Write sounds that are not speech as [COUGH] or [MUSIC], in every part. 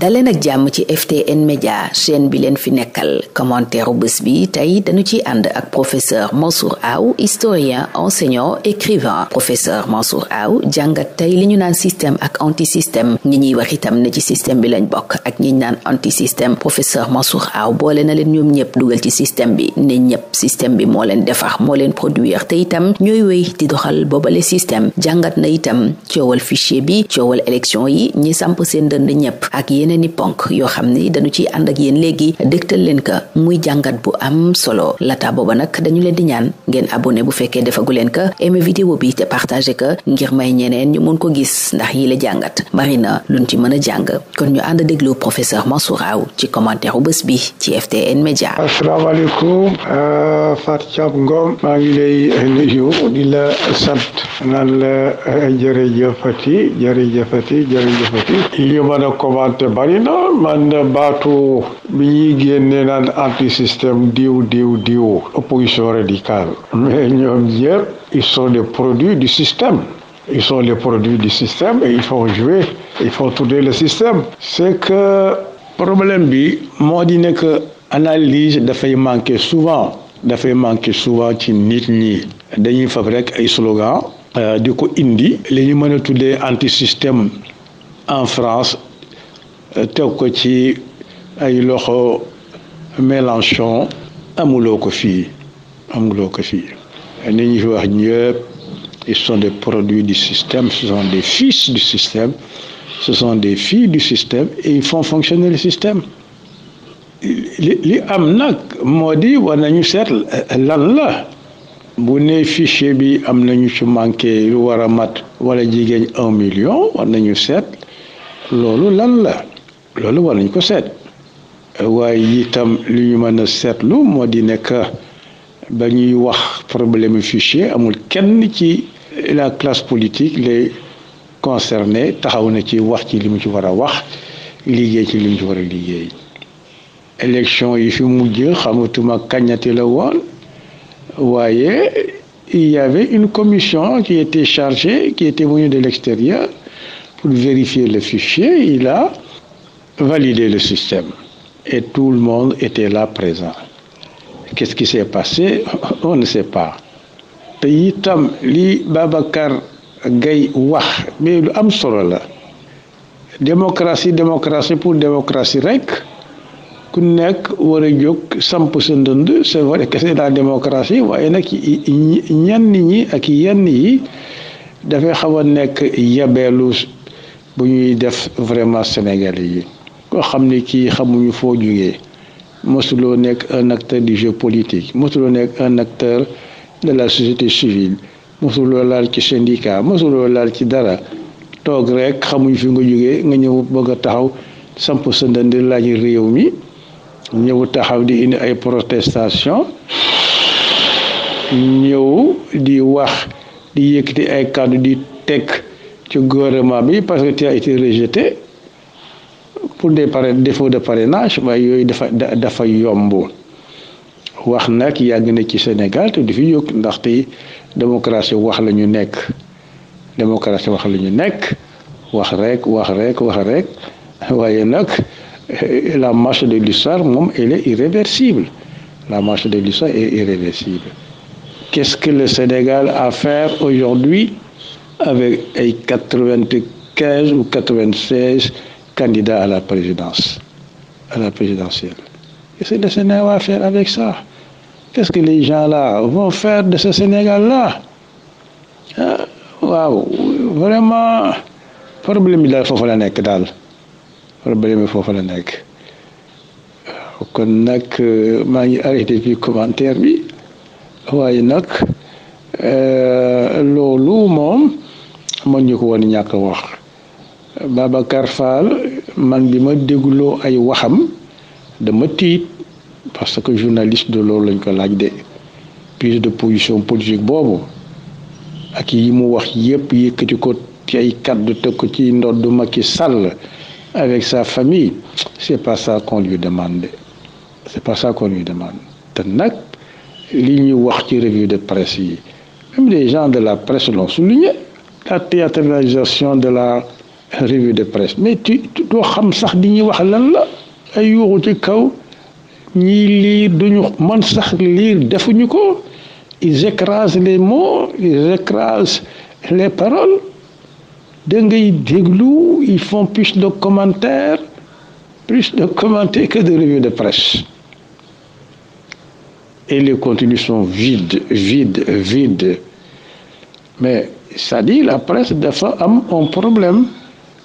daleen ak jàmm ci ftn média chaîne bi leen fi nekkal commentaire bés bi tey dañu ci ànd ak professeur Mansour Aw historien enseignant écrivain professeur Mansour Aw jàngat tey li ñu naan système ak antisystème ñi ñuy wax itam ne ci système bi lañ bokk ak ñi naan naan antisystème professeur Mansour Aw boole na leen ñoom ñëpp dugal ci système bi ne ñëpp système bi moo leen defar moo leen produire te itam ñooy wéy di doxal boobale système jàngat na itam coowal fichier bi coowal élection yi ñi samp seen dënd ñëpp ak yéen yeneen i ponk yoo xam ni dañu ciy ànd ak yéen léegi dégtal leen ka muy jàngat bu am solo laata booba nag dañu leen di ñaan ngeen abonné bu fekkee defagu leen ka aimé vidéo bi te partagé ka ngir may ñeneen ñu mun ko gis ndax yi la jàngat bari na luñ ci mën a jàng kon ñu ànd déglu professeur Mansour Aw ci commentaire u bés ci FTN Média asalaamaaleykum euh, Fatou Thiam Ngom maa ngi lay euh, nuyu di la sant naan la euh, jërëjëfati jërëjëfati jërëjëfati li ñu mën a commenté barino man baatu bi ñuy génne naan anti système diw diw diw opposition radicale mais ñoom ñëpp ils sont les produits du système ils sont les produits du système et ils font jouer ils font tourner le système c'est que problème bi moo di que analyse dafay manquer souvent dafay manquer souvent ci nit ñi dañuy fab rek ay slogan euh, di ko indi li ñu mën a tuddee anti système en France euh, teg ko ci ay loxo Mélenchon amuloo ko fii amuloo ko fii euh, ni ñu fi wax ñëpp ils sont des produits du système ce sont des fils du système ce sont des filles du système et ils font fonctionner le système li li am nag moo di war nañu seet lan la bu ne fichier bi am nañu ci manqué lu war a mat wala jigéen un million war nañu seet loolu lan la loolu war nañ ko seet waaye itam li ñu mën a seetlu moo di nekk ba ñuy wax problème fichier amul kenn ci la classe politique les concernés taxaw na ci wax ci li mu ci war a wax liggéey ci li mu ci war a liggéey élection yi fi mujj xamatuma kañati la woon waaye il y avait une commission qui était chargée qui était venue de l'extérieur pour vérifier le fichier il a valider le système. Et tout le monde était là présent. Qu'est-ce qui s'est passé [LAUGHS] On ne sait pas. te li Babacar mais démocratie démocratie pour démocratie rek c'est que la démocratie a vraiment Sénégalais koo xam ne kii xamuñu foo jugee mosuloo nekk un acteur du jeu politique mosuloo nekk un acteur de la société civile mosuloo laal ci syndicat mosuloo laal ci dara toog rekk xamuñu fi nga jugee nga ñëw bëgg a taxaw samp sa laaj réew mi ñëw taxaw di indi ay protestation ñëw di wax di yëkkati ay kàddu di teg ci gouvernement bi parce que tu as été rejeté pour des défauts de parrainage il y dafa des yomb wax nak yàgg na ci Sénégal te difi yok ndax ndaxte démocratie wax la ñu démocratie wax la ñu wax rek wax rek wax rek waye nak euh, la marche de l'histoire mom elle est irréversible la marche de l'histoire est irréversible qu'est-ce que le Sénégal a faire aujourd'hui avec ay 95 ou 96 candidat à la présidence, à la présidentielle. Qu'est-ce que le Sénégal va faire avec ça Qu'est-ce que les gens-là vont faire de ce Sénégal-là ah, Waouh Vraiment, problème il a foofu la nekk le problème est faut la nekk kon je euh, que ngi arrêté fii commentaire bi waaye nag euh, loolu moom mën ñu ko woon ñàkk wax Babacar Fall man bi ma dégloo ay waxam dama tiit parce que journaliste de loolu lañ ko laaj de de position politique boobu ak yi mu wax yépp yëkkati ko ci ay kàddu teg ko ci ndodd Macky Sall avec sa famille c'est pas ça qu'on lui demande c'est pas ça qu'on lui demande te nag li ñuy wax ci revue de presse yi même les gens de la presse l'ont souligné la théâtralisation de la revue de presse mais tu doo xam sax di ñuy wax lan la ay yuuxu ci kaw ñiy liir duñu man sax liir defuñu ko ils écrasent les mots ils écrasent les paroles da ngay déglu ils font plus de commentaires plus de commentaires que de revues de presse et les contenus sont vides vides vides mais ça dit la presse fois am un problème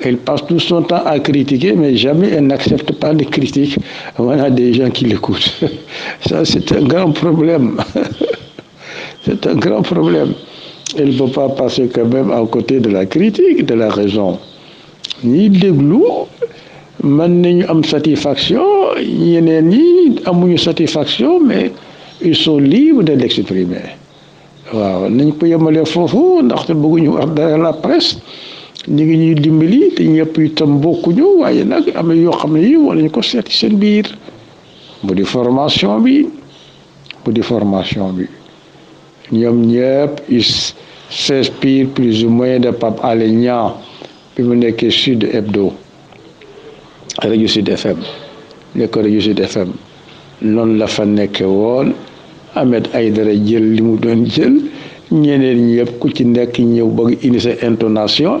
elle passe tout son temps à critiquer, mais jamais elle n'accepte pas les critiques. On a des gens qui l'écoutent. [LAUGHS] Ça, c'est un grand problème. [LAUGHS] C'est un grand problème. Elle ne peut pas passer quand même à côté de la critique, de la raison. Ni déglu, man nañu am satisfaction, ñeneen de une satisfaction, mais ils sont libres de l'exprimer. waaw nañ ko yemale foofu ndaxte bëgguñu wax Dans la presse ñu ngi ñuy dimbali te ñëpp itam bokkuñu waaye nag am na yoo xam ne yi wala ñu ko seet ci seen biir mu di formation bi mu di formation bi ñoom ñëpp ils s'inspirent plus de Pape Alé Niang bi mu nekkee Sud Hebdo rajo Sud FM nekk rajo Sud FM noonu la fa nekke woon Ahmed Aïdara jël li mu doon jël ñeneen ñëpp ku ci nekk ñëw bëgg indi sa intonation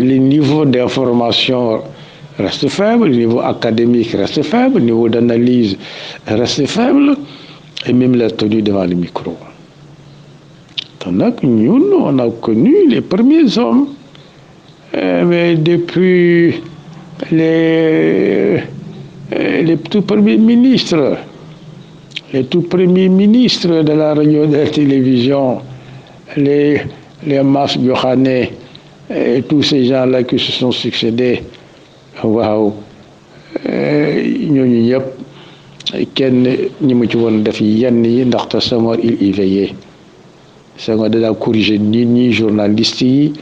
les niveaux d'information reste faible, le niveau académique reste faible, le niveau d'analyse reste faible, et même la tenue devant le micro. nous, on a connu les premiers hommes, eh, mais depuis les, eh, les tout premiers ministres, les tout premiers ministres de la radio de la télévision, les, les masses et tous ces gens-là qui se sont succédés waaw euh, ñooñu ñëpp kenn ñi mu ci woon def yenn yi ndaxte Senghor il y veillait Senghor danaa corriger nit ñi journaliste yi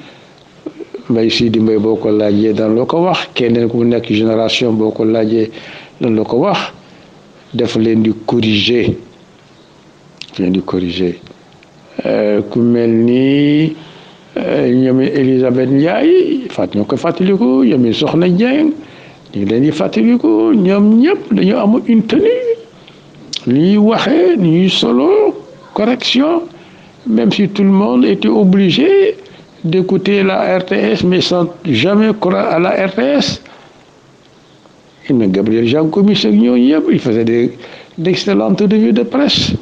Mbaye di Mbaye boo ko laajee daan loo ko wax keneen ku nekk génération boo ko laajee daan la ko wax def leen di corriger daf leen di corriger euh, ku mel nii Eh, Elisabeth Ndiaye Fat ñoo ko fàttaliku il Soxna Dieng ñu ngi leen di fàttaliku ñoom ñëpp une tenue li ñuy ni solo correction même si tout le monde était obligé d'écouter la RTS mais sans jamais croire à la RTS et ne Gabriel jean ak il faisait des d'excellentes revues de presse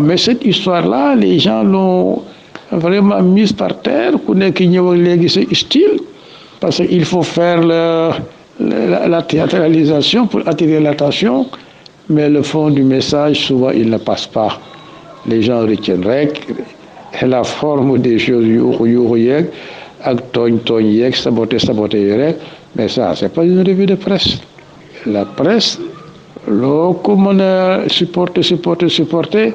mais cette histoire là les gens l'ont vraiment mise par terre parce qu'il faut faire la, théâtralisation pour attirer l'attention mais le fond du message souvent il ne passe pas les gens retiennent la forme des choses mais ça c'est pas une revue de presse la presse comme ko supporter supporter supporter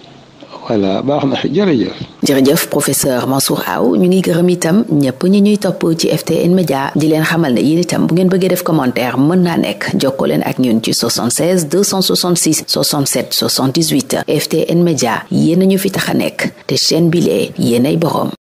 voilà baax na jërëjëf. jërëjëf professeur Mansour Aw ñu ngi gërëm itam ñëpp ñi ñuy topp ci FTN Média di leen xamal ne yéen itam bu ngeen bëggee def commentaire mën naa nekk jokkoo leen ak ñun ci 76 266 67 78 FTN Média yéen a ñu fi tax a nekk te chaîne bi lee yéenay borom.